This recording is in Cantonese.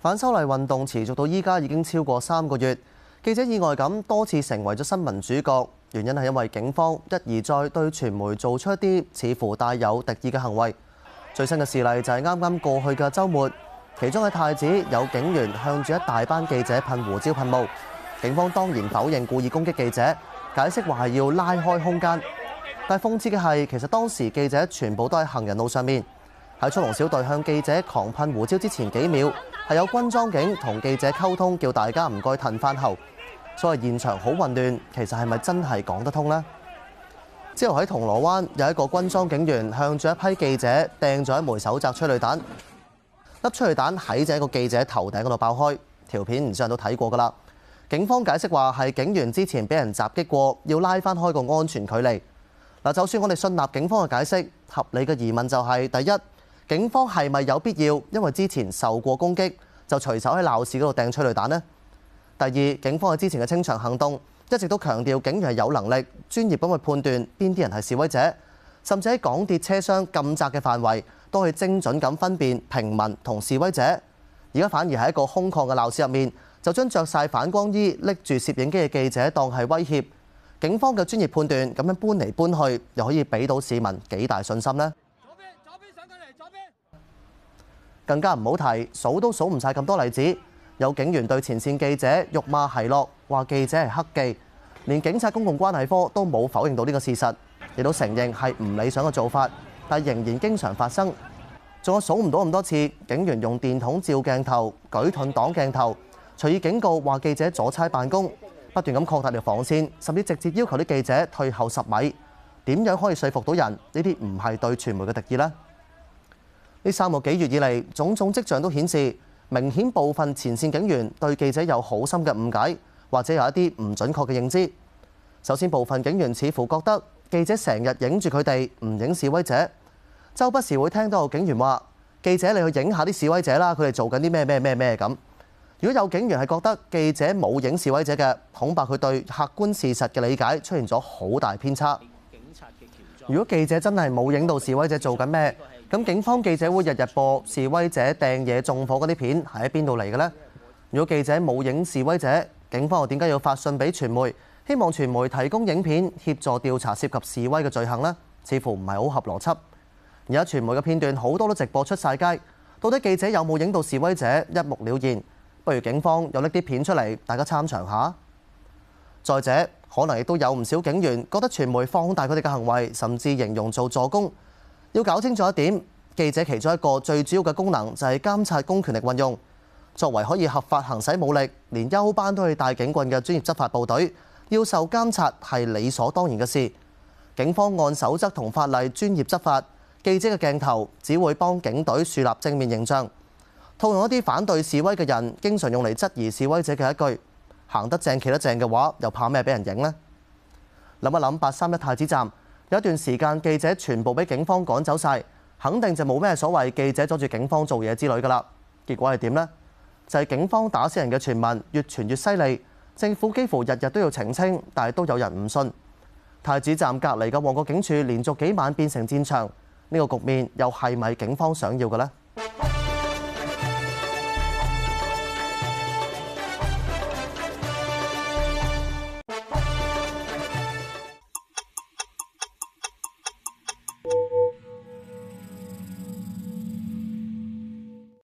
反修例運動持續到依家已經超過三個月，記者意外咁多次成為咗新聞主角，原因係因為警方一而再對傳媒做出一啲似乎帶有敵意嘅行為。最新嘅事例就係啱啱過去嘅週末，其中嘅太子有警員向住一大班記者噴胡椒噴霧，警方當然否認故意攻擊記者，解釋話係要拉開空間。但係諷刺嘅係，其實當時記者全部都喺行人路上面，喺速龍小隊向記者狂噴胡椒之前幾秒。係有軍裝警同記者溝通，叫大家唔該褪翻後，所謂現場好混亂。其實係咪真係講得通呢？之後喺銅鑼灣有一個軍裝警員向住一批記者掟咗一枚手擲催淚彈，粒催淚彈喺住一個記者頭頂嗰度爆開。條片唔少人都睇過㗎啦。警方解釋話係警員之前俾人襲擊過，要拉翻開個安全距離。嗱，就算我哋信納警方嘅解釋，合理嘅疑問就係、是、第一。警方係咪有必要因為之前受過攻擊，就隨手喺鬧市嗰度掟催淚彈呢？第二，警方喺之前嘅清場行動一直都強調，警員有能力、專業咁去判斷邊啲人係示威者，甚至喺港鐵車廂咁窄嘅範圍都去精準咁分辨平民同示威者。而家反而喺一個空曠嘅鬧市入面，就將著晒反光衣拎住攝影機嘅記者當係威脅。警方嘅專業判斷咁樣搬嚟搬去，又可以俾到市民幾大信心呢？更加唔好提，數都數唔晒咁多例子。有警員對前線記者辱罵奚落，話記者係黑記，連警察公共關係科都冇否認到呢個事實，亦都承認係唔理想嘅做法，但仍然經常發生。仲有數唔到咁多次，警員用電筒照鏡頭，舉盾擋鏡頭，隨意警告話記者阻差辦公，不斷咁擴大條防線，甚至直接要求啲記者退後十米。點樣可以說服到人？呢啲唔係對傳媒嘅敵意啦。呢三個幾月以嚟，種種跡象都顯示，明顯部分前線警員對記者有好深嘅誤解，或者有一啲唔準確嘅認知。首先，部分警員似乎覺得記者成日影住佢哋，唔影示威者。周不時會聽到警員話：記者你去影下啲示威者啦，佢哋做緊啲咩咩咩咩咁。如果有警員係覺得記者冇影示威者嘅，恐怕佢對客觀事實嘅理解出現咗好大偏差。如果記者真係冇影到示威者做緊咩？咁警方記者會日日播示威者掟嘢縱火嗰啲片係喺邊度嚟嘅呢？如果記者冇影示威者，警方又點解要發信俾傳媒，希望傳媒提供影片協助調查涉及示威嘅罪行呢？似乎唔係好合邏輯。而家傳媒嘅片段好多都直播出晒街，到底記者有冇影到示威者一目了然。不如警方又拎啲片出嚟，大家參詳下。再者，可能亦都有唔少警員覺得傳媒放大佢哋嘅行為，甚至形容做助攻。要搞清楚一點，記者其中一個最主要嘅功能就係監察公權力運用。作為可以合法行使武力、連休班都去帶警棍嘅專業執法部隊，要受監察係理所當然嘅事。警方按守則同法例專業執法，記者嘅鏡頭只會幫警隊樹立正面形象。套用一啲反對示威嘅人經常用嚟質疑示威者嘅一句：行得正，企得正嘅話，又怕咩俾人影呢？諗一諗八三一太子站。有一段時間，記者全部俾警方趕走晒，肯定就冇咩所謂記者阻住警方做嘢之類㗎啦。結果係點呢？就係警方打死人嘅傳聞越傳越犀利，政府幾乎日日都要澄清，但係都有人唔信。太子站隔離嘅旺角警署連續幾晚變成戰場，呢個局面又係咪警方想要嘅呢？